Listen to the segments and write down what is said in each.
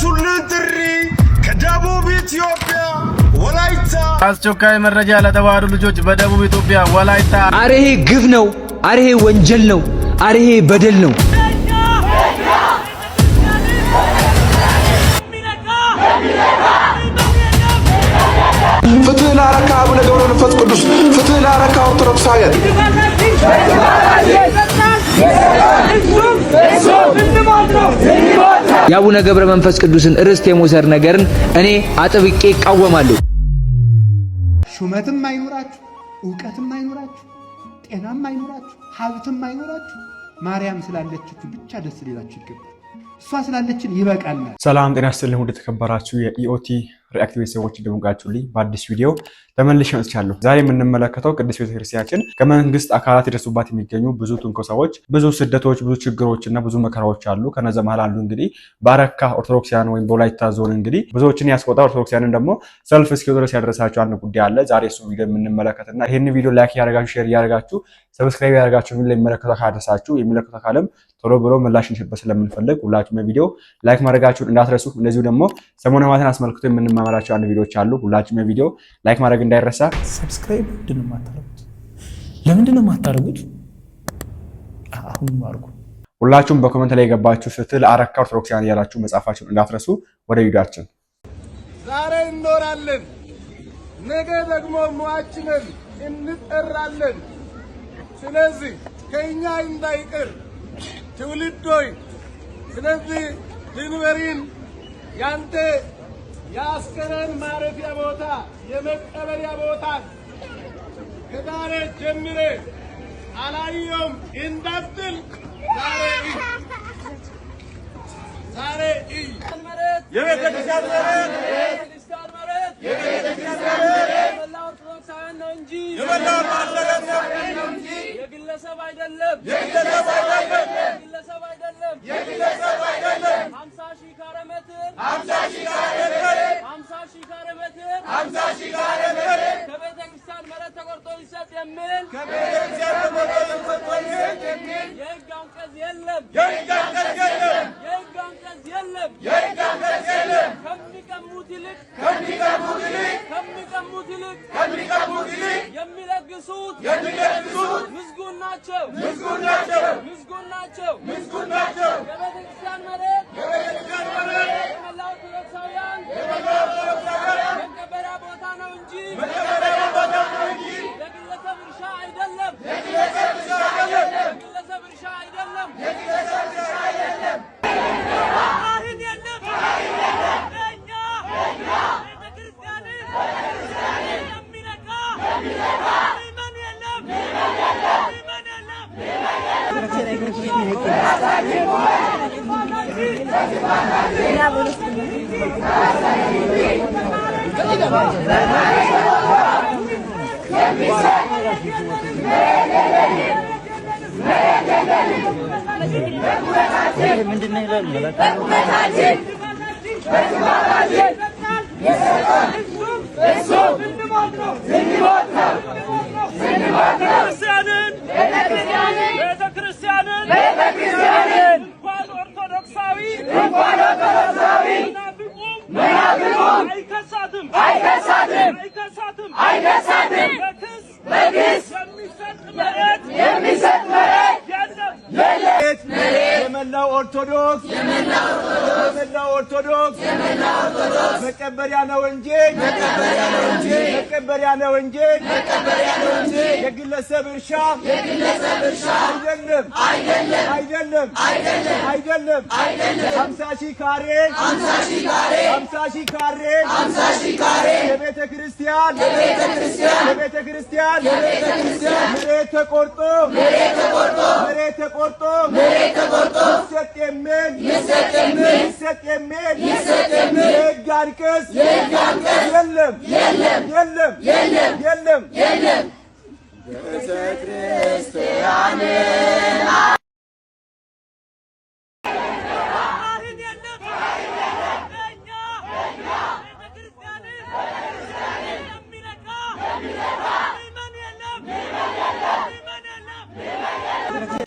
የደረሱልን ጥሪ ከደቡብ ኢትዮጵያ ወላይታ አስቸኳይ መረጃ ለተዋሕዶ ልጆች በደቡብ ኢትዮጵያ ወላይታ። አረ ይሄ ግፍ ነው። አረ ይሄ ወንጀል ነው። አረ ይሄ በደል ነው። ፍትህ ላረካ አቡነ ገብረ መንፈስ ቅዱስ፣ ፍትህ ላረካ ኦርቶዶክሳውያን የአቡነ ገብረ መንፈስ ቅዱስን ርስት የመውሰድ ነገርን እኔ አጥብቄ ይቃወማለሁ ሹመትም አይኖራችሁ፣ እውቀትም አይኖራችሁ፣ ጤናም አይኖራችሁ፣ ሀብትም አይኖራችሁ፣ ማርያም ስላለችችሁ ብቻ ደስ ሌላችሁ ይገባል። እሷ ስላለችን ይበቃል። ሰላም ጤና ይስጥልኝ። ወደ ተከበራችሁ የኢኦቲ ሪአክቲቬት ሰዎች እንደመጋችሁልኝ በአዲስ ቪዲዮ ተመልሼ መጥቻለሁ። ዛሬ የምንመለከተው ቅድስት ቤተክርስቲያችን ከመንግስት አካላት የደርሱባት የሚገኙ ብዙ ትንኮሳዎች፣ ብዙ ስደቶች፣ ብዙ ችግሮች እና ብዙ መከራዎች አሉ። ከነዚ መሀል አንዱ እንግዲህ በአረካ ኦርቶዶክሲያን ወይም በወላይታ ዞን እንግዲህ ብዙዎችን ያስቆጣ ኦርቶዶክሲያንን ደግሞ ሰልፍ እስኪ ድረስ ያደረሳቸው አንድ ጉዳይ አለ። ዛሬ እሱ ቪዲዮ የምንመለከትና ይህን ቪዲዮ ላይክ እያደረጋችሁ ሼር እያደረጋችሁ ሰብስክራይብ ያደርጋችሁ ምን ለሚመለከተው ካደረሳችሁ የሚመለከተው ካለም ቶሎ ብሎ ምላሽ እንሽበት ስለምንፈልግ ሁላችሁም ቪዲዮ ላይክ ማድረጋችሁን እንዳትረሱ። እንደዚሁ ደግሞ ሰሞነ ማትን አስመልክቶ የምንማመራቸው አንድ ቪዲዮዎች አሉ። ሁላችሁም ቪዲዮ ላይክ ማድረግ እንዳይረሳ። ሰብስክራይብ ምንድን ነው የማታደርጉት? ለምንድን ነው የማታደርጉት? አሁን ማርጉ። ሁላችሁም በኮመንት ላይ የገባችሁ ስትል አረካ ኦርቶዶክሲያን እያላችሁ መጻፋችሁን እንዳትረሱ። ወደ ቪዲዮችን ዛሬ እንኖራለን፣ ነገ ደግሞ ሟችንን እንጠራለን ስለዚህ ከእኛ እንዳይቀር ትውልዶይ ስለዚህ ድንበሪን ያንተ የአስከሬን ማረፊያ ቦታ የመቀበሪያ ቦታ ከዛሬ ጀምሬ አላየውም እንዳትል ዛሬ እይ ክርስቲያን መሬት ነው እንጂ የበላውን ማሰረት ነው እንጂ የግለሰብ አይደለም፣ የግለሰብ አይደለም፣ የግለሰብ አይደለም፣ የግለሰብ አይደለም። 50 ሺህ ካሬ ሜትር 50 ሺህ ካሬ ሜትር 50 ሺህ ካሬ ሜትር 50 ሺህ ካሬ ሜትር ከቤተ ክርስቲያን መሬት ተቆርጦ ይሰጥ የሚል ከቤተ ክርስቲያን ተቆርጦ ይሰጥ የሚል የህግ አንቀጽ የለም፣ የህግ አንቀጽ የለም፣ የህግ አንቀጽ የለም፣ የህግ አንቀጽ የለም። ከሚቀሙት ይልቅ ከሚቀሙት ይልቅ ከሚቀሙት ይልቅ ከሚቀሙት ይልቅ የሚለግሱት የሚለግሱት ምስጉን ናቸው ምስጉን ናቸው ምስጉን ናቸው ምስጉን ናቸው የቤተክርስቲያን መሬት Zindibadra! Zindibadra! Zindibadra! Zindibadra! ክርስቲያንን ቤተክርስቲያንን እንኳን ኦርቶዶክሳዊ መናፍቁም አይከሳትም አይከሳትም አይከሳትም አይከሳትም የሚሰጥ ምሕረት የሚሰጥ ምሕረት የመላው ኦርቶዶክስ የመላው ኦርቶዶክስ መቀበሪያ ነው እንጂ መቀበሪያ ነው እንጂ የግለሰብ እርሻ አይደለም አይደለም አይደለም። ሀምሳ ሺህ ካሬ ሀምሳ ሺህ ካሬ የቤተ ክርስቲያን የቤተ ክርስቲያን መሬት ተቆርጦ መሬት ተቆርጦ መሬት ተቆርጦ يستمر يستمر يستمر يستمر يجاركس يجاركس يلم يلم يلم يلم يلم يلم Yüce Kristi Amin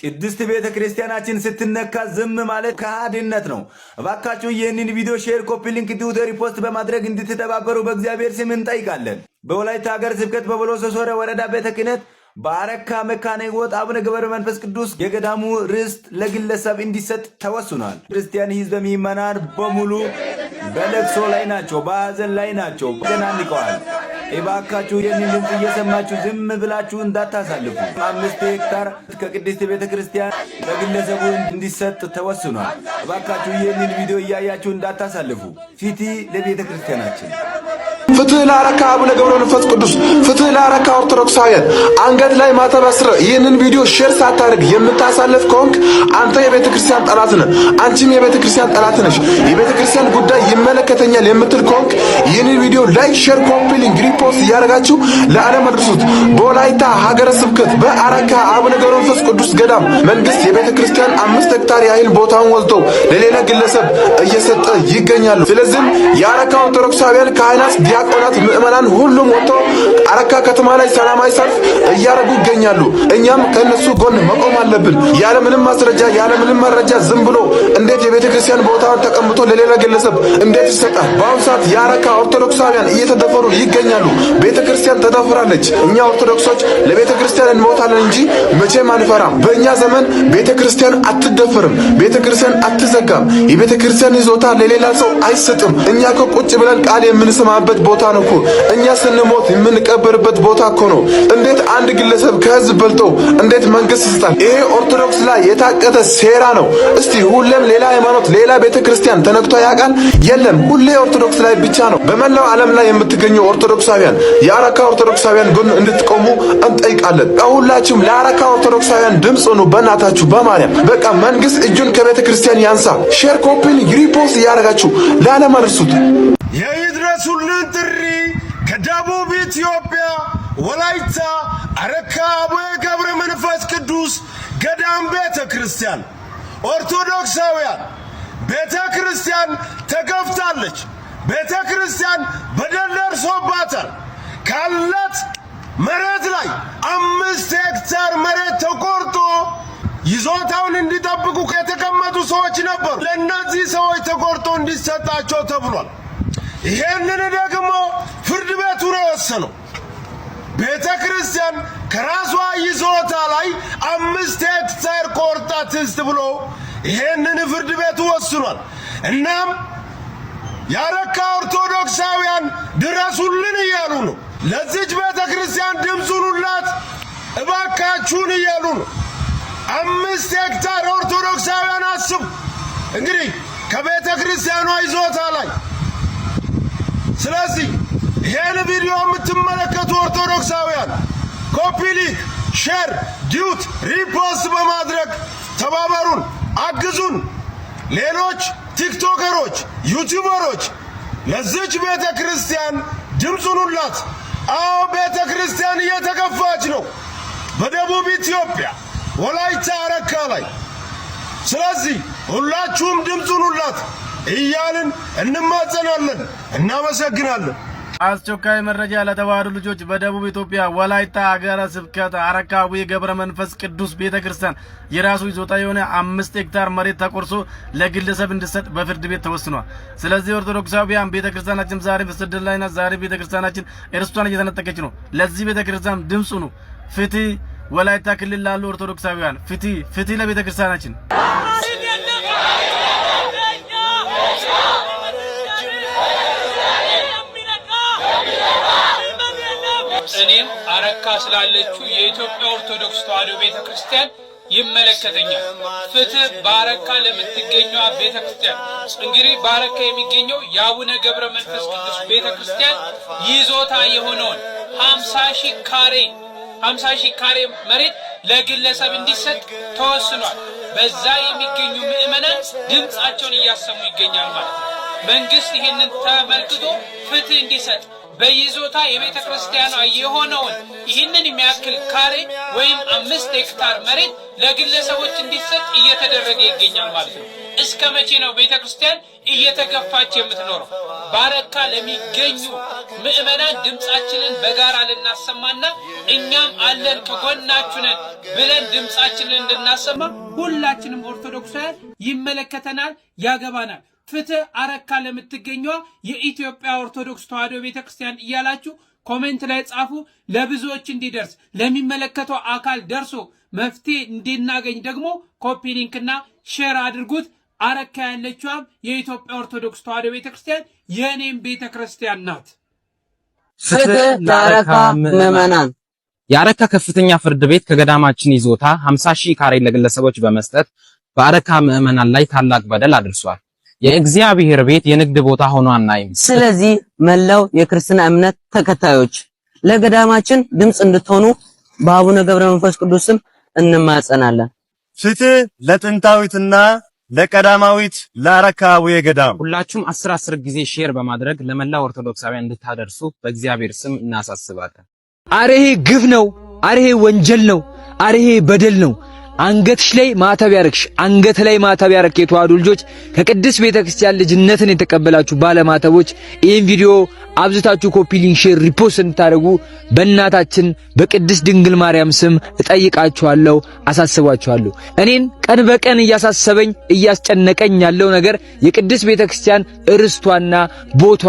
ቅድስት ቤተ ክርስቲያናችን ስትነካ ዝም ማለት ከሃድነት ነው። እባካችሁ ይህንን ቪዲዮ ሼር፣ ኮፒ ሊንክ፣ ትዊተር ሪፖስት በማድረግ እንድትተባበሩ በእግዚአብሔር ስም እንጠይቃለን። በወላይታ ሀገር ስብከት በቦሎሶ ሶረ ወረዳ ቤተ ክህነት በአረካ መካነ ሕይወት አቡነ ገብረ መንፈስ ቅዱስ የገዳሙ ርስት ለግለሰብ እንዲሰጥ ተወስኗል። ክርስቲያን ሕዝበ ምዕመናን በሙሉ በለቅሶ ላይ ናቸው፣ በሐዘን ላይ ናቸው፣ ተጨናንቀዋል። እባካችሁ የሚል ድምፅ እየሰማችሁ ዝም ብላችሁ እንዳታሳልፉ። አምስት ሄክታር ከቅድስት ቤተ ክርስቲያን ለግለሰቡ እንዲሰጥ ተወስኗል። እባካችሁ ይህንን ቪዲዮ እያያችሁ እንዳታሳልፉ። ፊቲ ለቤተ ክርስቲያናችን ፍትህ ላረካ አቡነ ገብረ መንፈስ ቅዱስ፣ ፍትህ ላረካ ኦርቶዶክሳውያን አንገት ላይ ማተብ አስረ ይህንን ቪዲዮ ሼር ሳታደርግ የምታሳልፍ ከሆንክ አንተ የቤተ ክርስቲያን ጠላት ነህ፣ አንቺም የቤተ ክርስቲያን ጠላት ነሽ። የቤተ ክርስቲያን ጉዳይ ይመለከተኛል የምትል ከሆንክ ይህንን ቪዲዮ ላይክ፣ ሼር፣ ኮፒ ሪፖስት እያደረጋችሁ ለዓለም አድርሱት። በወላይታ ሀገረ ስብከት በአረካ አቡነ ገብረ መንፈስ ቅዱስ ገዳም መንግስት የቤተ ክርስቲያን አምስት ሄክታር ያህል ቦታውን ወልቶ ለሌላ ግለሰብ እየሰጠ ይገኛሉ። ስለዚህም የአረካ ኦርቶዶክሳውያን ካህናት ዲያቆ ዲያቆናት፣ ምዕመናን ሁሉም ወጥቶ አረካ ከተማ ላይ ሰላማዊ ሰልፍ እያደረጉ ይገኛሉ። እኛም ከእነሱ ጎን መቆም አለብን። ምንም ማስረጃ ምንም መረጃ ዝም ብሎ እንዴት የቤተ ክርስቲያን ቦታን ተቀምጦ ለሌላ ግለሰብ እንዴት ይሰጣል? በአሁኑ ሰዓት የአረካ ኦርቶዶክሳውያን እየተደፈሩ ይገኛሉ። ቤተ ክርስቲያን ተደፍራለች። እኛ ኦርቶዶክሶች ለቤተ ክርስቲያን እንሞታለን እንጂ መቼም አንፈራም። በእኛ ዘመን ቤተ ክርስቲያን አትደፈርም። ቤተ ክርስቲያን አትዘጋም። የቤተ ክርስቲያን ይዞታ ለሌላ ሰው አይሰጥም። እኛ ከቁጭ ብለን ቃል የምንሰማበት ቦታ ቦታ ነው እኮ እኛ ስንሞት የምንቀበርበት ቦታ እኮ ነው። እንዴት አንድ ግለሰብ ከህዝብ በልጦ እንዴት መንግስት ይሰጣል? ይሄ ኦርቶዶክስ ላይ የታቀተ ሴራ ነው። እስቲ ሁሌም ሌላ ሃይማኖት፣ ሌላ ቤተ ክርስቲያን ተነክቶ ያውቃል? የለም ሁሌ ኦርቶዶክስ ላይ ብቻ ነው። በመላው ዓለም ላይ የምትገኙ ኦርቶዶክሳውያን የአረካ ኦርቶዶክሳውያን ጎን እንድትቆሙ እንጠይቃለን። ሁላችሁም ለአረካ ኦርቶዶክሳውያን ድምፅ ሆኑ፣ በእናታችሁ በማርያም በቃ መንግስት እጁን ከቤተ ክርስቲያን ያንሳ። ሼር ኮፒን ሪፖስት እያደረጋችሁ ለዓለም የድረሱልን ጥሪ ከደቡብ ኢትዮጵያ ወላይታ አረካ አቡነ ገብረ መንፈስ ቅዱስ ገዳም ቤተ ክርስቲያን ኦርቶዶክሳውያን ቤተ ክርስቲያን ተገፍታለች። ቤተ ክርስቲያን በደል ደርሶባታል። ካለት መሬት ላይ አምስት ሄክታር መሬት ተቆርጦ ይዞታውን እንዲጠብቁ ከተቀመጡ ሰዎች ነበሩ። ለእነዚህ ሰዎች ተቆርጦ እንዲሰጣቸው ተብሏል። ይሄንን ደግሞ ፍርድ ቤቱ ነው የወሰነው። ቤተ ክርስቲያን ከራሷ ይዞታ ላይ አምስት ሄክታር ቆርጣ ትስጥ ብሎ ይሄንን ፍርድ ቤቱ ወስኗል። እናም ያረካ ኦርቶዶክሳውያን ድረሱልን እያሉ ነው። ለዚች ቤተ ክርስቲያን ድምፁኑላት እባካችሁን እያሉ ነው። አምስት ሄክታር ኦርቶዶክሳውያን አስቡ እንግዲህ ከቤተ ክርስቲያኗ ይዞታ ላይ ስለዚህ ይሄን ቪዲዮ የምትመለከቱ ኦርቶዶክሳውያን ኮፒ ሊንክ፣ ሼር፣ ዲዩት፣ ሪፖስት በማድረግ ተባበሩን፣ አግዙን። ሌሎች ቲክቶከሮች፣ ዩቲዩበሮች ለዚች ቤተ ክርስቲያን ድምፁን ሁላት። አዎ ቤተ ክርስቲያን እየተከፋች ነው በደቡብ ኢትዮጵያ ወላይታ አረካ ላይ። ስለዚህ ሁላችሁም ድምፁኑላት ሁላት እያልን እንማጸናለን። እናመሰግናለን። አስቸኳይ መረጃ ለተዋሕዶ ልጆች በደቡብ ኢትዮጵያ ወላይታ ሀገረ ስብከት አረካዊ ገብረ መንፈስ ቅዱስ ቤተ ክርስቲያን የራሱ ይዞታ የሆነ አምስት ሄክታር መሬት ተቆርሶ ለግለሰብ እንዲሰጥ በፍርድ ቤት ተወስኗል። ስለዚህ ኦርቶዶክሳውያን ቤተ ክርስቲያናችን ዛሬ በስድር ላይ ናት። ዛሬ ቤተ ክርስቲያናችን እርስቷን እየተነጠቀች ነው። ለዚህ ቤተ ክርስቲያን ድምፁ ነው። ፍትህ! ወላይታ ክልል ላሉ ኦርቶዶክሳውያን ፍትህ! ፍትህ ለቤተ ክርስቲያናችን! እኔም አረካ ስላለችው የኢትዮጵያ ኦርቶዶክስ ተዋሕዶ ቤተ ክርስቲያን ይመለከተኛል። ፍትህ በአረካ ለምትገኘው ቤተ ክርስቲያን እንግዲህ በአረካ የሚገኘው የአቡነ ገብረ መንፈስ ቅዱስ ቤተ ክርስቲያን ይዞታ የሆነውን ሀምሳ ሺህ ካሬ ሀምሳ ሺ ካሬ መሬት ለግለሰብ እንዲሰጥ ተወስኗል። በዛ የሚገኙ ምዕመናን ድምፃቸውን እያሰሙ ይገኛል ማለት ነው። መንግስት ይህንን ተመልክቶ ፍትህ እንዲሰጥ በይዞታ የቤተ ክርስቲያኗ የሆነውን ይህንን የሚያክል ካሬ ወይም አምስት ሄክታር መሬት ለግለሰቦች እንዲሰጥ እየተደረገ ይገኛል ማለት ነው። እስከ መቼ ነው ቤተ ክርስቲያን እየተገፋች የምትኖረው? ባረካ ለሚገኙ ምዕመናን ድምፃችንን በጋራ ልናሰማና እኛም አለን ከጎናችሁ ነን ብለን ድምፃችንን እንድናሰማ ሁላችንም ኦርቶዶክሳውያን ይመለከተናል፣ ያገባናል። ፍትህ አረካ ለምትገኘ የኢትዮጵያ ኦርቶዶክስ ተዋሕዶ ቤተክርስቲያን እያላችሁ ኮሜንት ላይ ጻፉ። ለብዙዎች እንዲደርስ ለሚመለከተው አካል ደርሶ መፍትሄ እንድናገኝ ደግሞ ኮፒ ሊንክና ሼር አድርጉት። አረካ ያለችዋም የኢትዮጵያ ኦርቶዶክስ ተዋሕዶ ቤተክርስቲያን የእኔም ቤተክርስቲያን ናት። ፍትህ ለአረካ ምዕመናን። የአረካ ከፍተኛ ፍርድ ቤት ከገዳማችን ይዞታ 50 ሺህ ካሬ ለግለሰቦች በመስጠት በአረካ ምዕመናን ላይ ታላቅ በደል አድርሷል። የእግዚአብሔር ቤት የንግድ ቦታ ሆኖ አናይም። ስለዚህ መላው የክርስትና እምነት ተከታዮች ለገዳማችን ድምፅ እንድትሆኑ በአቡነ ገብረ መንፈስ ቅዱስም እንማጸናለን። ፍትህ ለጥንታዊትና ለቀዳማዊት ለአረካዊ ገዳም። ሁላችሁም አስር አስር ጊዜ ሼር በማድረግ ለመላው ኦርቶዶክሳውያን እንድታደርሱ በእግዚአብሔር ስም እናሳስባለን። አርሄ ግፍ ነው፣ አርሄ ወንጀል ነው፣ አርሄ በደል ነው። አንገትሽ ላይ ማተብ ያርክሽ፣ አንገት ላይ ማተብ ያርክ። የተዋህዶ ልጆች ከቅድስት ቤተክርስቲያን ልጅነትን የተቀበላችሁ ባለማተቦች ይህን ቪዲዮ አብዝታችሁ ኮፒ፣ ሊንክ፣ ሼር፣ ሪፖስት እንታደርጉ በእናታችን በቅድስት ድንግል ማርያም ስም እጠይቃችኋለሁ፣ አሳስባችኋለሁ እኔን ቀን በቀን እያሳሰበኝ እያስጨነቀኝ ያለው ነገር የቅድስት ቤተክርስቲያን እርስቷና ቦቷ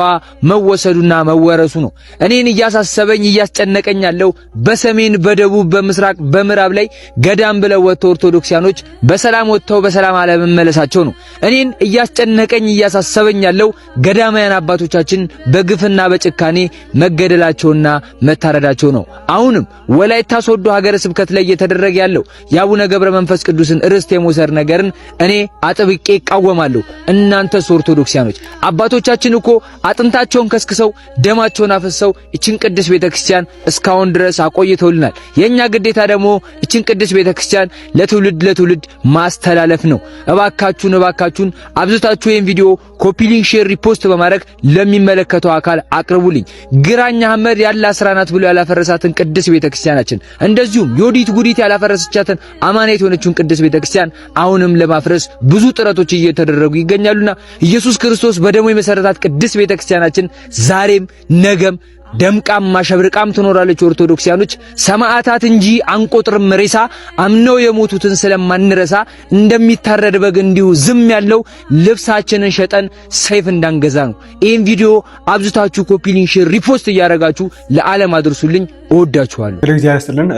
መወሰዱና መወረሱ ነው። እኔን እያሳሰበኝ እያስጨነቀኝ ያለው በሰሜን፣ በደቡብ፣ በምስራቅ፣ በምዕራብ ላይ ገዳም ብለው ወጥተው ኦርቶዶክሲያኖች በሰላም ወጥተው በሰላም አለመመለሳቸው ነው። እኔን እያስጨነቀኝ እያሳሰበኝ ያለው ገዳማያን አባቶቻችን በግፍና በጭካኔ መገደላቸውና መታረዳቸው ነው። አሁንም ወላይታ ሶዶ ሀገረ ስብከት ላይ እየተደረገ ያለው የአቡነ ገብረ መንፈስ ቅዱስን ርስት የመውሰድ ነገርን እኔ አጥብቄ እቃወማለሁ። እናንተስ ኦርቶዶክሲያኖች አባቶቻችን እኮ አጥንታቸውን ከስክሰው ደማቸውን አፈሰው እችን ቅድስ ቤተክርስቲያን እስካሁን ድረስ አቆይተውልናል። የኛ ግዴታ ደግሞ እችን ቅድስት ቤተክርስቲያን ለትውልድ ለትውልድ ማስተላለፍ ነው። እባካችሁን እባካችሁን አብዝታችሁ ይህን ቪዲዮ ኮፒ ሊንክ፣ ሼር፣ ሪፖስት በማድረግ ለሚመለከተው አካል አቅርቡልኝ። ግራኝ አህመድ ያለ አስራናት ብሎ ያላፈረሳትን ቅድስት ቤተክርስቲያናችን እንደዚሁም ዮዲት ጉዲት ያላፈረሰቻትን አማኔት የሆነችውን ቅድስት ቤተክርስቲያን አሁንም ለማፍረስ ብዙ ጥረቶች እየተደረጉ ይገኛሉና ኢየሱስ ክርስቶስ በደሙ የመሰረታት ቅድስት ቤተክርስቲያናችን ዛሬም ነገም ደምቃም ማሸብርቃም ትኖራለች። ኦርቶዶክሲያኖች ሰማዕታት እንጂ አንቆጥርም ሬሳ፣ አምነው የሞቱትን ስለማንረሳ፣ እንደሚታረድ በግ እንዲሁ ዝም ያለው ልብሳችንን ሸጠን ሰይፍ እንዳንገዛ ነው። ይህን ቪዲዮ አብዝታችሁ ኮፒ፣ ሊንክ፣ ሼር፣ ሪፖስት እያደረጋችሁ ለዓለም አድርሱልኝ። እወዳችኋለሁ። እግዚአብሔር ይስጥልን።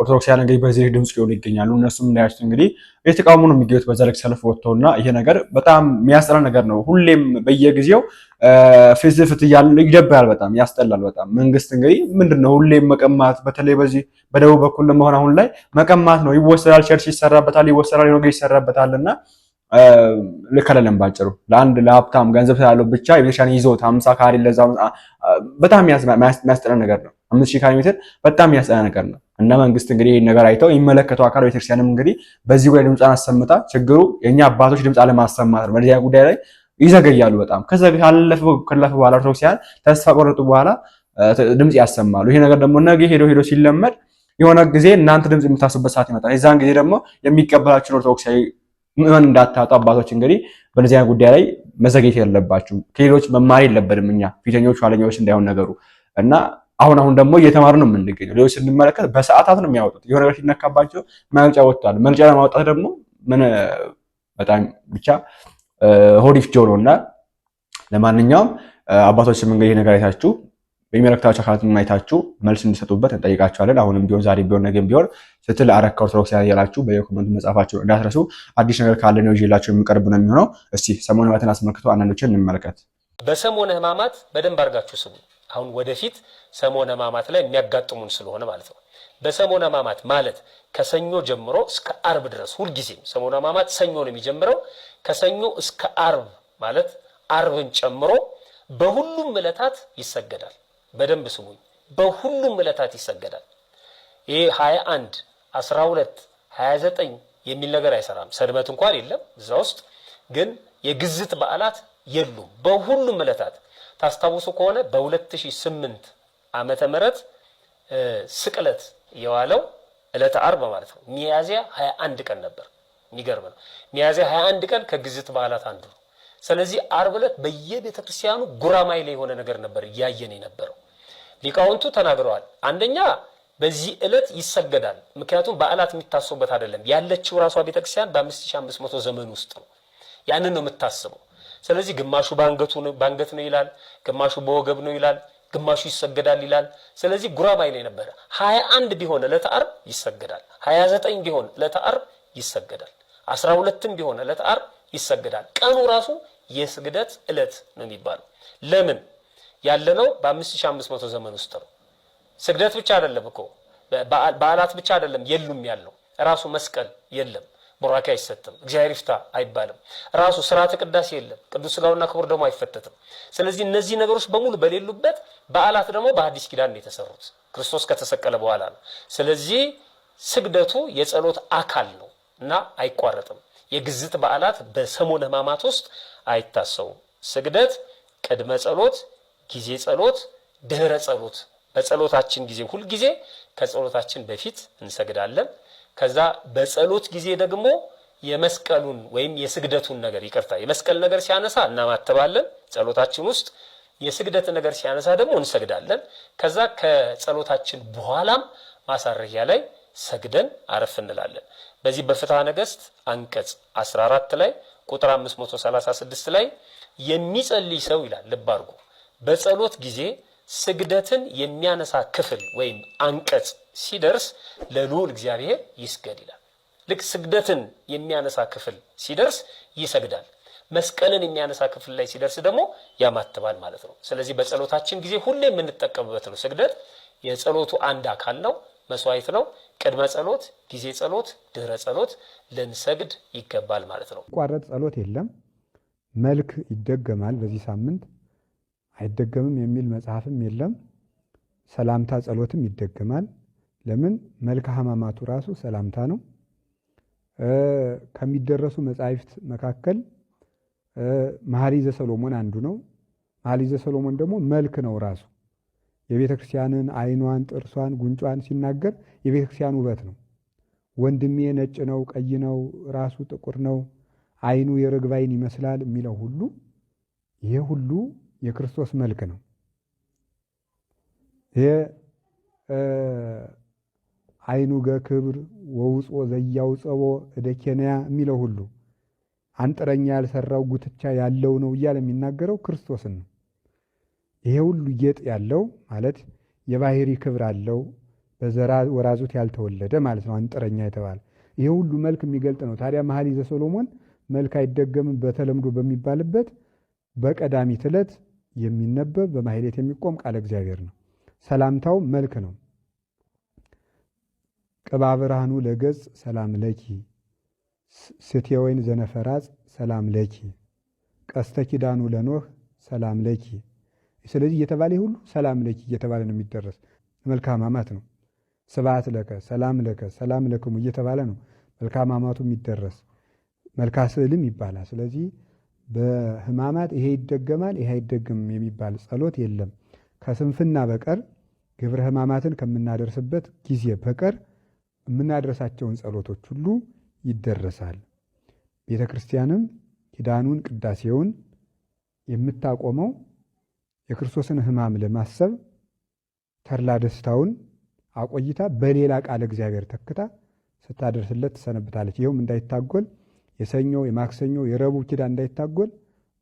ኦርቶዶክሲያን እንግዲህ በዚህ ድምጽ ሊሆኑ ይገኛሉ። እነሱም እንዳያችሁት እንግዲህ የተቃውሞ ነው የሚገኙት በዛ ልክ ሰልፍ ወጥተውና ይሄ ነገር በጣም የሚያስጠላ ነገር ነው። ሁሌም በየጊዜው ፌዝ ለፊት እያልን ይደብራል። በጣም ያስጠላል። በጣም መንግስት እንግዲህ ምንድን ነው ሁሌም መቀማት፣ በተለይ በዚህ በደቡብ በኩል ለመሆን አሁን ላይ መቀማት ነው። ይወሰዳል፣ ቸርች ይሰራበታል፣ ይወሰዳል፣ ነገር ይሰራበታል እና ልክ ባጭሩ ለአንድ ለሀብታም ገንዘብ ስላለው ብቻ የቤተክርስቲያን ይዞት አምሳ ካሪ ለዛ በጣም የሚያስጠላ ነገር ነው። አምስት ሺህ ካሪ ሜትር በጣም የሚያስጠላ ነገር ነው እና መንግስት እንግዲህ ይህን ነገር አይተው የሚመለከተው አካል ቤተክርስቲያንም እንግዲህ በዚህ ጉዳይ ድምፅ አሰምታ ችግሩ የእኛ አባቶች ድምፅ አለማሰማት ነው በዚያ ጉዳይ ላይ ይዘገያሉ በጣም ከዛ ካለፈ ከላፈ በኋላ ኦርቶዶክሲያን ተስፋ ቆረጡ በኋላ ድምጽ ያሰማሉ። ይሄ ነገር ደግሞ ነገ ሄዶ ሄዶ ሲለመድ የሆነ ጊዜ እናንተ ድምጽ የምታስቡበት ሰዓት ይመጣል። የዛን ጊዜ ደግሞ የሚቀበላችሁን ኦርቶዶክሳዊ ምዕመን እንዳታጡ አባቶች እንግዲህ በነዚያ ጉዳይ ላይ መዘግየት የለባችሁ። ከሌሎች መማር የለበትም እኛ ፊተኞቹ ኋለኛዎች እንዳይሆን ነገሩ እና አሁን አሁን ደግሞ እየተማሩ ነው የምንገኘው። ሌሎች ስንመለከት በሰዓታት ነው የሚያወጡት። የሆነ ነገር ሲነካባቸው መልጫ ወጥቷል። መልጫ ለማውጣት ደግሞ ምን በጣም ብቻ ሆዲፍ ጆ ነው እና ለማንኛውም አባቶችም እንግዲህ ነገር አይታችሁ የሚመለከታቸው አካላትን አይታችሁ መልስ እንዲሰጡበት እንጠይቃቸዋለን። አሁንም ቢሆን ዛሬ ቢሆን ነገም ቢሆን ስትል አረካ ኦርቶዶክስ ያላችሁ በየኮመንቱ መጻፋችሁ እንዳትረሱ። አዲስ ነገር ካለ ነው ይዤላችሁ የሚቀርቡ ነው የሚሆነው። እስቲ ሰሞነ ሕማማትን አስመልክቶ አንዳንዶችን እንመልከት። በሰሞነ ህማማት በደንብ አድርጋችሁ ስሙ። አሁን ወደፊት ሰሞነ ሕማማት ላይ የሚያጋጥሙን ስለሆነ ማለት ነው። በሰሞነ ሕማማት ማለት ከሰኞ ጀምሮ እስከ አርብ ድረስ ሁልጊዜም ሰሞነ ሕማማት ሰኞ ነው የሚጀምረው ከሰኞ እስከ አርብ ማለት አርብን ጨምሮ በሁሉም እለታት ይሰገዳል። በደንብ ስሙኝ። በሁሉም እለታት ይሰገዳል። ይህ 21 12 29 የሚል ነገር አይሰራም። ሰንበት እንኳን የለም እዛ ውስጥ ግን የግዝት በዓላት የሉም። በሁሉም ዕለታት ታስታውሱ ከሆነ በ2008 ዓመተ ምህረት ስቅለት የዋለው ዕለተ አርብ ማለት ነው ሚያዝያ 21 ቀን ነበር። የሚገርም ነው። ሚያዝያ 21 ቀን ከግዝት በዓላት አንዱ ነው። ስለዚህ አርብ ዕለት በየቤተ ክርስቲያኑ ጉራማይሌ የሆነ ነገር ነበር እያየን የነበረው። ሊቃውንቱ ተናግረዋል። አንደኛ በዚህ ዕለት ይሰገዳል። ምክንያቱም በዓላት የሚታሰቡበት አይደለም። ያለችው ራሷ ቤተ ክርስቲያን በ5500 ዘመን ውስጥ ነው። ያንን ነው የምታስበው። ስለዚህ ግማሹ በአንገት ነው ይላል፣ ግማሹ በወገብ ነው ይላል፣ ግማሹ ይሰገዳል ይላል። ስለዚህ ጉራማይሌ ነበረ። 21 ቢሆን ዕለተ ይሰገዳል። 29 ቢሆን ዕለተ ይሰገዳል። አስራ ሁለትም ቢሆን ዕለት ዓርብ ይሰገዳል። ቀኑ ራሱ የስግደት ዕለት ነው የሚባለው። ለምን ያለነው በ5500 ዘመን ውስጥ ነው። ስግደት ብቻ አይደለም እኮ በዓላት ብቻ አይደለም የሉም ያለው ራሱ መስቀል የለም፣ ቡራኬ አይሰጥም፣ እግዚአብሔር ይፍታ አይባልም፣ ራሱ ስርዓተ ቅዳሴ የለም፣ ቅዱስ ስጋውና ክቡር ደግሞ አይፈተትም። ስለዚህ እነዚህ ነገሮች በሙሉ በሌሉበት በዓላት ደግሞ በአዲስ ኪዳን ነው የተሰሩት፣ ክርስቶስ ከተሰቀለ በኋላ ነው። ስለዚህ ስግደቱ የጸሎት አካል ነው። እና አይቋረጥም። የግዝት በዓላት በሰሙነ ሕማማት ውስጥ አይታሰቡም። ስግደት፣ ቅድመ ጸሎት፣ ጊዜ ጸሎት፣ ድህረ ጸሎት። በጸሎታችን ጊዜ ሁልጊዜ ከጸሎታችን በፊት እንሰግዳለን። ከዛ በጸሎት ጊዜ ደግሞ የመስቀሉን ወይም የስግደቱን ነገር ይቅርታ፣ የመስቀል ነገር ሲያነሳ እናማተባለን ጸሎታችን ውስጥ የስግደት ነገር ሲያነሳ ደግሞ እንሰግዳለን። ከዛ ከጸሎታችን በኋላም ማሳረጊያ ላይ ሰግደን አረፍ እንላለን። በዚህ በፍትሐ ነገሥት አንቀጽ 14 ላይ ቁጥር 536 ላይ የሚጸልይ ሰው ይላል። ልብ አድርጎ በጸሎት ጊዜ ስግደትን የሚያነሳ ክፍል ወይም አንቀጽ ሲደርስ ለልዑል እግዚአብሔር ይስገድ ይላል። ልክ ስግደትን የሚያነሳ ክፍል ሲደርስ ይሰግዳል። መስቀልን የሚያነሳ ክፍል ላይ ሲደርስ ደግሞ ያማትባል ማለት ነው። ስለዚህ በጸሎታችን ጊዜ ሁሌ የምንጠቀምበት ነው። ስግደት የጸሎቱ አንድ አካል ነው፣ መስዋዕት ነው። ቅድመ ጸሎት፣ ጊዜ ጸሎት፣ ድህረ ጸሎት ልንሰግድ ይገባል ማለት ነው። ቋረጥ ጸሎት የለም። መልክ ይደገማል በዚህ ሳምንት አይደገምም የሚል መጽሐፍም የለም። ሰላምታ ጸሎትም ይደገማል። ለምን መልክ ሕማማቱ ራሱ ሰላምታ ነው። ከሚደረሱ መጻሕፍት መካከል መኃልየ ሰሎሞን አንዱ ነው። መኃልየ ሰሎሞን ደግሞ መልክ ነው ራሱ የቤተ ክርስቲያንን አይኗን፣ ጥርሷን፣ ጉንጯን ሲናገር የቤተ ክርስቲያን ውበት ነው። ወንድሜ ነጭ ነው፣ ቀይ ነው፣ ራሱ ጥቁር ነው፣ አይኑ የርግብ ዓይን ይመስላል የሚለው ሁሉ ይሄ ሁሉ የክርስቶስ መልክ ነው። ይሄ አይኑ ገክብር ወውፆ ዘያው ጸቦ ኬንያ የሚለው ሁሉ አንጥረኛ ያልሰራው ጉትቻ ያለው ነው እያለ የሚናገረው ክርስቶስን ነው። ይሄ ሁሉ ጌጥ ያለው ማለት የባህሪ ክብር አለው። በዘራ ወራዙት ያልተወለደ ማለት ነው አንጥረኛ የተባለ ይሄ ሁሉ መልክ የሚገልጥ ነው። ታዲያ መኃልየ ዘሰሎሞን መልክ አይደገምም በተለምዶ በሚባልበት በቀዳሚት ዕለት የሚነበብ በማሕሌት የሚቆም ቃለ እግዚአብሔር ነው። ሰላምታው መልክ ነው። ቅባ ብርሃኑ ለገጽ ሰላም ለኪ ስቴ ወይን ዘነፈራጽ ሰላም ለኪ ቀስተ ኪዳኑ ለኖህ ሰላም ለኪ ስለዚህ እየተባለ ሁሉ ሰላም ለኪ እየተባለ ነው የሚደረስ። መልካም አማት ነው። ስብሐት ለከ፣ ሰላም ለከ፣ ሰላም ለክሙ እየተባለ ነው መልካም አማቱ የሚደረስ። መልካ ስዕልም ይባላል። ስለዚህ በህማማት ይሄ ይደገማል፣ ይሄ አይደገምም የሚባል ጸሎት የለም ከስንፍና በቀር ግብረ ህማማትን ከምናደርስበት ጊዜ በቀር የምናደርሳቸውን ጸሎቶች ሁሉ ይደረሳል። ቤተ ክርስቲያንም ኪዳኑን ቅዳሴውን የምታቆመው የክርስቶስን ሕማም ለማሰብ ተድላ ደስታውን አቆይታ በሌላ ቃል እግዚአብሔር ተክታ ስታደርስለት ትሰነብታለች። ይኸውም እንዳይታጎል የሰኞ የማክሰኞ የረቡዕ ኪዳን እንዳይታጎል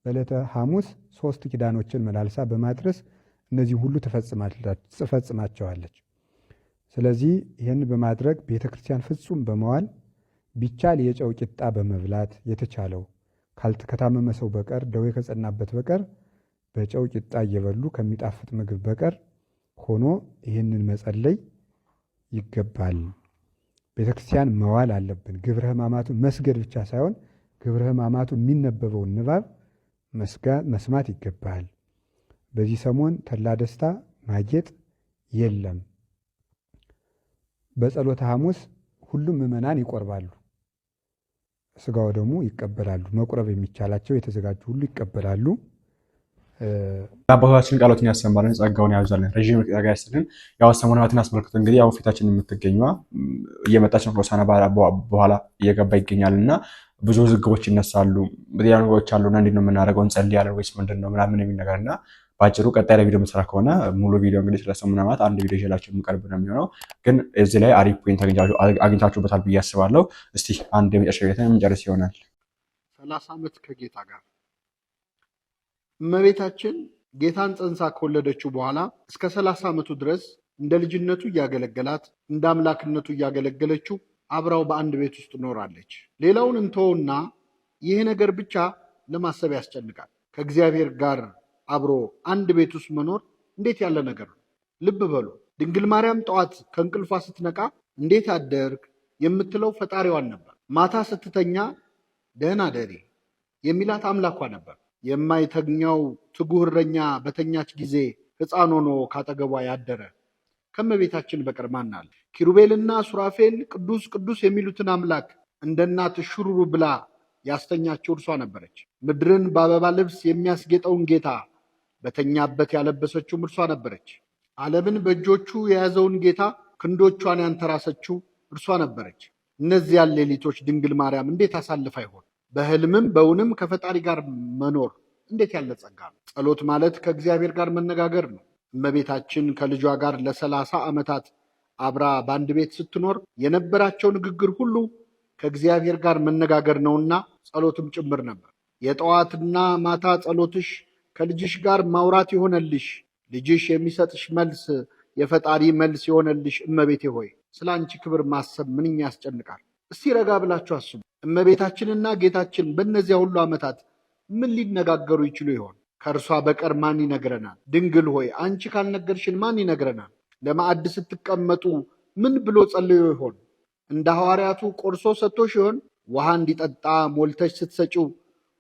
በዕለተ ሐሙስ ሶስት ኪዳኖችን መላልሳ በማድረስ እነዚህ ሁሉ ትፈጽማቸዋለች። ስለዚህ ይህን በማድረግ ቤተ ክርስቲያን ፍጹም በመዋል ቢቻል የጨው ቂጣ በመብላት የተቻለው ከታመመ ሰው በቀር ደዌ ከጸናበት በቀር በጨው ቂጣ እየበሉ ከሚጣፍጥ ምግብ በቀር ሆኖ ይህንን መጸለይ ይገባል። ቤተ ክርስቲያን መዋል አለብን። ግብረ ሕማማቱን መስገድ ብቻ ሳይሆን ግብረ ሕማማቱ የሚነበበውን ንባብ መስማት ይገባል። በዚህ ሰሞን ተላ ደስታ ማጌጥ የለም። በጸሎተ ሐሙስ ሁሉም ምዕመናን ይቆርባሉ። ስጋው ደግሞ ይቀበላሉ። መቁረብ የሚቻላቸው የተዘጋጁ ሁሉ ይቀበላሉ። ለአባታችን ቃሎትን ያሰማልን ጸጋውን ያብዛልን ረዥም ጸጋ ያስልን። ያው ሰሙነ ሕማማትን አስመልክቶ እንግዲህ አሁን ፊታችን የምትገኘዋ እየመጣች ነው። ከሆሳዕና በኋላ እየገባ ይገኛል እና ብዙ ዝግቦች ይነሳሉ፣ ብዙ ነገሮች አሉና እንዴት ነው የምናደርገው? እንጸልያለን ወይስ ምንድን ነው ምናምን የሚል ነገር እና በአጭሩ ቀጣይ ለቪዲዮ ቪዲዮ መስራ ከሆነ ሙሉ ቪዲዮ እንግዲህ ስለ ሰሙነ ሕማማት አንድ ቪዲዮ ይዤላችሁ የምቀርብ ነው የሚሆነው። ግን እዚህ ላይ አሪፍ ፖይንት አግኝታችሁበታል ብዬ አስባለሁ። እስቲ አንድ የመጨረሻ ቤትን የምንጨርስ ይሆናል። ሰላሳ ዓመት ከጌታ ጋር እመቤታችን ጌታን ጸንሳ ከወለደችው በኋላ እስከ ሰላሳ ዓመቱ ድረስ እንደ ልጅነቱ እያገለገላት እንደ አምላክነቱ እያገለገለችው አብራው በአንድ ቤት ውስጥ ኖራለች። ሌላውን እንተውና ይሄ ነገር ብቻ ለማሰብ ያስጨንቃል። ከእግዚአብሔር ጋር አብሮ አንድ ቤት ውስጥ መኖር እንዴት ያለ ነገር ነው! ልብ በሉ። ድንግል ማርያም ጠዋት ከእንቅልፏ ስትነቃ እንዴት አደርግ የምትለው ፈጣሪዋን ነበር። ማታ ስትተኛ ደህና ደሪ የሚላት አምላኳ ነበር። የማይተኛው ትጉህ እረኛ በተኛች ጊዜ ሕፃን ሆኖ ካጠገቧ ያደረ ከመቤታችን በቀር ማናል? ኪሩቤልና ሱራፌል ቅዱስ ቅዱስ የሚሉትን አምላክ እንደ እናት ሹሩሩ ብላ ያስተኛችው እርሷ ነበረች። ምድርን በአበባ ልብስ የሚያስጌጠውን ጌታ በተኛበት ያለበሰችውም እርሷ ነበረች። ዓለምን በእጆቹ የያዘውን ጌታ ክንዶቿን ያንተራሰችው እርሷ ነበረች። እነዚያን ሌሊቶች ድንግል ማርያም እንዴት አሳልፍ አይሆን? በህልምም በእውንም ከፈጣሪ ጋር መኖር እንዴት ያለ ጸጋ ነው! ጸሎት ማለት ከእግዚአብሔር ጋር መነጋገር ነው። እመቤታችን ከልጇ ጋር ለሰላሳ ዓመታት አብራ በአንድ ቤት ስትኖር የነበራቸው ንግግር ሁሉ ከእግዚአብሔር ጋር መነጋገር ነውና ጸሎትም ጭምር ነበር። የጠዋትና ማታ ጸሎትሽ ከልጅሽ ጋር ማውራት ይሆነልሽ፣ ልጅሽ የሚሰጥሽ መልስ የፈጣሪ መልስ የሆነልሽ እመቤቴ ሆይ ስለ አንቺ ክብር ማሰብ ምንኛ ያስጨንቃል። እስቲ ረጋ ብላችሁ አስቡ። እመቤታችንና ጌታችን በእነዚያ ሁሉ ዓመታት ምን ሊነጋገሩ ይችሉ ይሆን? ከእርሷ በቀር ማን ይነግረናል? ድንግል ሆይ አንቺ ካልነገርሽን ማን ይነግረናል? ለማዕድ ስትቀመጡ ምን ብሎ ጸልዮ ይሆን? እንደ ሐዋርያቱ ቆርሶ ሰጥቶሽ ይሆን? ውሃ እንዲጠጣ ሞልተሽ ስትሰጪው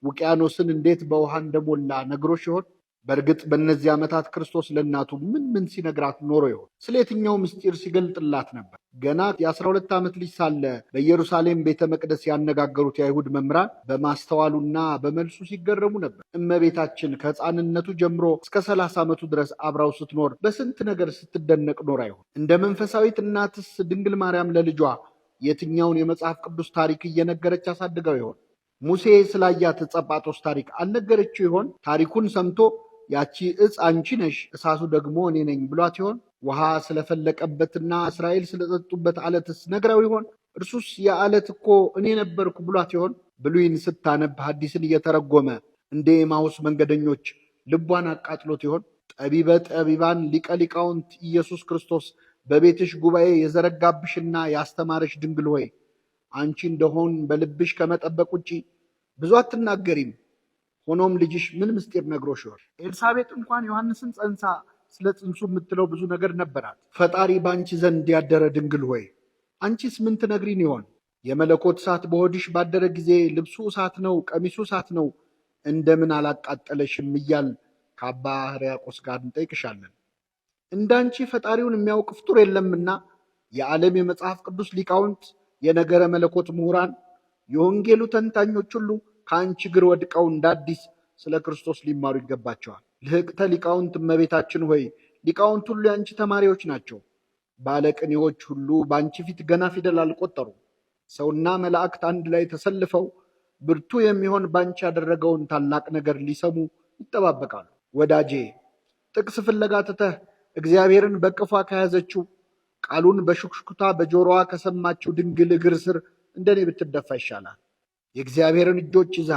ውቅያኖስን እንዴት በውሃ እንደሞላ ነግሮሽ ይሆን? በእርግጥ በእነዚህ ዓመታት ክርስቶስ ለእናቱ ምን ምን ሲነግራት ኖሮ ይሆን? ስለ የትኛው ምስጢር ሲገልጥላት ነበር? ገና የአስራ ሁለት ዓመት ልጅ ሳለ በኢየሩሳሌም ቤተ መቅደስ ያነጋገሩት የአይሁድ መምህራን በማስተዋሉና በመልሱ ሲገረሙ ነበር። እመቤታችን ከሕፃንነቱ ጀምሮ እስከ ሰላሳ ዓመቱ ድረስ አብራው ስትኖር በስንት ነገር ስትደነቅ ኖር አይሆን? እንደ መንፈሳዊት እናትስ ድንግል ማርያም ለልጇ የትኛውን የመጽሐፍ ቅዱስ ታሪክ እየነገረች አሳድገው ይሆን? ሙሴ ስላያት ጸጳጦስ ታሪክ አልነገረችው ይሆን? ታሪኩን ሰምቶ ያቺ እጽ አንቺ ነሽ እሳቱ ደግሞ እኔ ነኝ ብሏት ይሆን? ውሃ ስለፈለቀበትና እስራኤል ስለጠጡበት አለትስ ነግረው ይሆን? እርሱስ የአለት እኮ እኔ ነበርኩ ብሏት ይሆን? ብሉይን ስታነብ ሐዲስን እየተረጎመ እንደ ኤማሁስ መንገደኞች ልቧን አቃጥሎት ይሆን? ጠቢበ ጠቢባን ሊቀ ሊቃውንት ኢየሱስ ክርስቶስ በቤትሽ ጉባኤ የዘረጋብሽና ያስተማረሽ ድንግል ሆይ አንቺ እንደሆን በልብሽ ከመጠበቅ ውጪ ብዙ አትናገሪም ሆኖም ልጅሽ ምን ምስጢር ነግሮሽ ይሆን? ኤልሳቤጥ እንኳን ዮሐንስን ጸንሳ ስለ ጽንሱ የምትለው ብዙ ነገር ነበራት። ፈጣሪ በአንቺ ዘንድ ያደረ ድንግል ሆይ አንቺስ ምን ትነግሪን ይሆን? የመለኮት እሳት በሆድሽ ባደረ ጊዜ ልብሱ እሳት ነው፣ ቀሚሱ እሳት ነው፣ እንደምን አላቃጠለሽም? እያል ከአባ ሕርያቆስ ጋር እንጠይቅሻለን። እንዳንቺ አንቺ ፈጣሪውን የሚያውቅ ፍጡር የለምና የዓለም የመጽሐፍ ቅዱስ ሊቃውንት፣ የነገረ መለኮት ምሁራን፣ የወንጌሉ ተንታኞች ሁሉ ከአንቺ እግር ወድቀው እንደ አዲስ ስለ ክርስቶስ ሊማሩ ይገባቸዋል። ልህቅተ ሊቃውንት እመቤታችን ሆይ ሊቃውንት ሁሉ የአንቺ ተማሪዎች ናቸው። ባለቅኔዎች ሁሉ በአንቺ ፊት ገና ፊደል አልቆጠሩ። ሰውና መላእክት አንድ ላይ ተሰልፈው ብርቱ የሚሆን በአንቺ ያደረገውን ታላቅ ነገር ሊሰሙ ይጠባበቃሉ። ወዳጄ ጥቅስ ፍለጋ ትተህ እግዚአብሔርን በቅፏ ከያዘችው ቃሉን በሹክሹክታ በጆሮዋ ከሰማችው ድንግል እግር ስር እንደኔ ብትደፋ ይሻላል። የእግዚአብሔርን እጆች ይዛ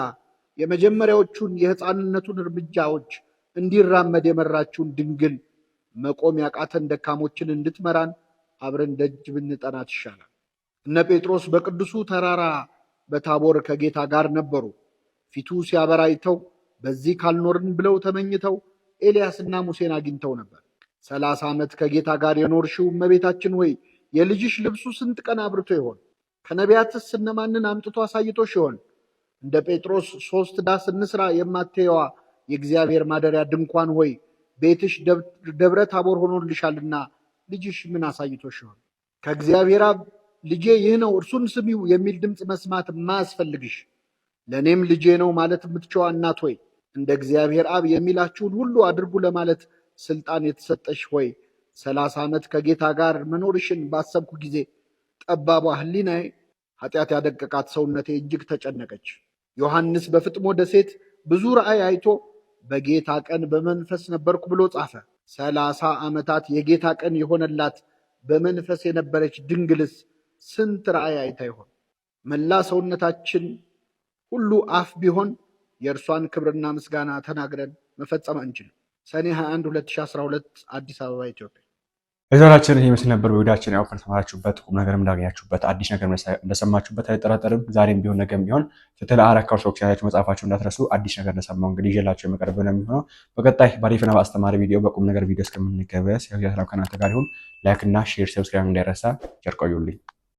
የመጀመሪያዎቹን የሕፃንነቱን እርምጃዎች እንዲራመድ የመራችውን ድንግል መቆም ያቃተን ደካሞችን እንድትመራን አብረን ደጅ ብንጠናት ይሻላል። እነ ጴጥሮስ በቅዱሱ ተራራ በታቦር ከጌታ ጋር ነበሩ። ፊቱ ሲያበራይተው በዚህ ካልኖርን ብለው ተመኝተው ኤልያስና ሙሴን አግኝተው ነበር። ሰላሳ ዓመት ከጌታ ጋር የኖርሽው እመቤታችን ሆይ የልጅሽ ልብሱ ስንት ቀን አብርቶ ይሆን? ከነቢያትስ እነማንን አምጥቶ አሳይቶ ይሆን? እንደ ጴጥሮስ ሶስት ዳስ እንስራ የማትየዋ የእግዚአብሔር ማደሪያ ድንኳን ሆይ ቤትሽ ደብረ ታቦር ሆኖልሻልና ልጅሽ ምን አሳይቶ ይሆን? ከእግዚአብሔር አብ ልጄ ይህ ነው እርሱን ስሚው የሚል ድምፅ መስማት ማያስፈልግሽ ለእኔም ልጄ ነው ማለት የምትችዋ እናት ሆይ እንደ እግዚአብሔር አብ የሚላችሁን ሁሉ አድርጉ ለማለት ስልጣን የተሰጠሽ ሆይ ሰላሳ ዓመት ከጌታ ጋር መኖርሽን ባሰብኩ ጊዜ ጠባቧ ሕሊናዬ ኃጢአት ያደቀቃት ሰውነቴ እጅግ ተጨነቀች። ዮሐንስ በፍጥሞ ደሴት ብዙ ራእይ አይቶ በጌታ ቀን በመንፈስ ነበርኩ ብሎ ጻፈ። ሰላሳ ዓመታት የጌታ ቀን የሆነላት በመንፈስ የነበረች ድንግልስ ስንት ራእይ አይታ ይሆን? መላ ሰውነታችን ሁሉ አፍ ቢሆን የእርሷን ክብርና ምስጋና ተናግረን መፈጸም አንችልም። ሰኔ 21 2012 አዲስ አበባ ኢትዮጵያ የዛሬያችን ይህ ምስል ነበር። በቪዲዮአችን ያው ከተማራችሁበት ቁም ነገር እንዳገኛችሁበት አዲስ ነገር እንደሰማችሁበት አይጠራጠርም። ዛሬም ቢሆን ነገም ቢሆን ፍትህ ለአረካው ሰዎች ያላችሁ መጽሐፋችሁ እንዳትረሱ። አዲስ ነገር እንደሰማው እንግዲህ ይዤላችሁ የመቀርብ ነው የሚሆነው። በቀጣይ ባሪፍና በአስተማሪ ቪዲዮ በቁም ነገር ቪዲዮ እስከምንገበያስ ያው ሰላም ከእናንተ ጋር ይሁን። ላይክ እና ሼር ሰብስክራይብ እንዳይረሳ። ቸር ቆዩልኝ።